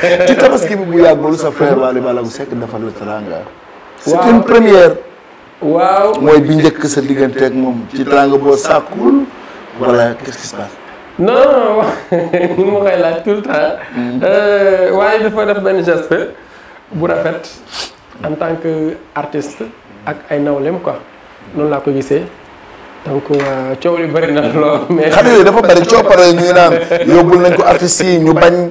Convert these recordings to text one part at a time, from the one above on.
Kita pas bi bu yàggul sa frère hmm. eh, Waly Ballago Seck defal la teraanga. c'est une mau waaw mooy bi njëkk sa diggante ak moom ci teraanga boo sàkkul. voilà qu'est-ce qui se passe. non non ni ma koy laaj tout le temps. waaye dafa def benn geste bu rafet en tant que artiste ak ay nawleem quoi noonu laa ko gisee. donc euh, coow li bëri na lool mais. xam dafa bëri coow pare ñuy naan yóbbul nañ ko artistes ñu bañ.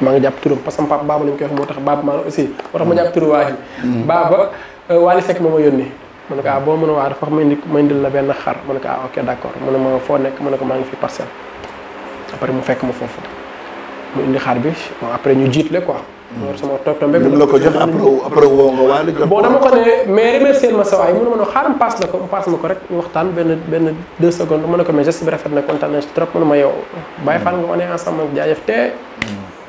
maa ngi jàpp turam parce que sama papa baaba ma jàpp turu mm. euh, ma ah, boo mën a waa dafa ma indi ma indil la benn xar ah, ngi fi parcelle ma bi bon ñu jiit le quoi mm. loolu sama toog tombe bi la ko jox après après woo nga waale ne ko benn benn deux secondes ma ne mais geste bi rafet na kontaan na trop mu ne ma fan nga ma ensemble ak jaajëf te mm.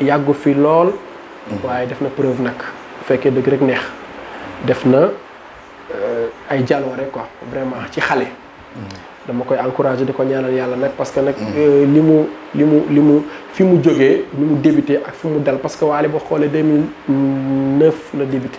yàggu fi lool. waaye def na preuve nag bu fekkee dëgg rek neex def na euh, ay jaloore quoi vraiment ci xale. dama koy encouragé di ko ñaanal yàlla nag parce que nag. Mm. Euh, li mu li mu li mu fi mu jógee li mu débuté ak fi mu dal parce que waale boo xoolee 2009 la débuté.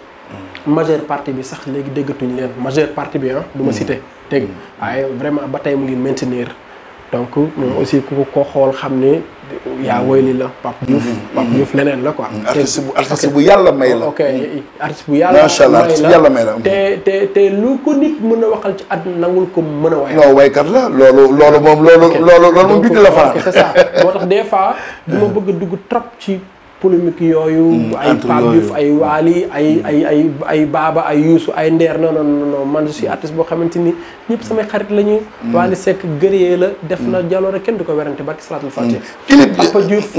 majeure partie bi sax légui déggatuñ leen majeure partie bi hein, hmm. hmm. vraiment maintenir donc aussi ku ko xol hmm. la la quoi. bu may la. ok bu yalla artiste may la. té té lu ko nit waxal ci nangul ko la c'est ça trop polémique yooyu. Mm, ay Pape Diouf ay Waly ay mm. ay ay ay Baba ay Youssou ay Nder non non non man je suis boo xamante ni ñëpp samay xarit la ñu. Mm. Waly Seck gërëyee la. def na jaloore kenn du ko werante barki salaatul fatiha. clip Papa Diouf.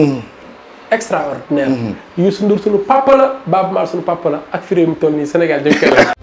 extraordinaire. Mm-hmm. Youssou Ndour sunu papa la Baaba Maal sunu papa la ak fi réew mi toll nii Sénégal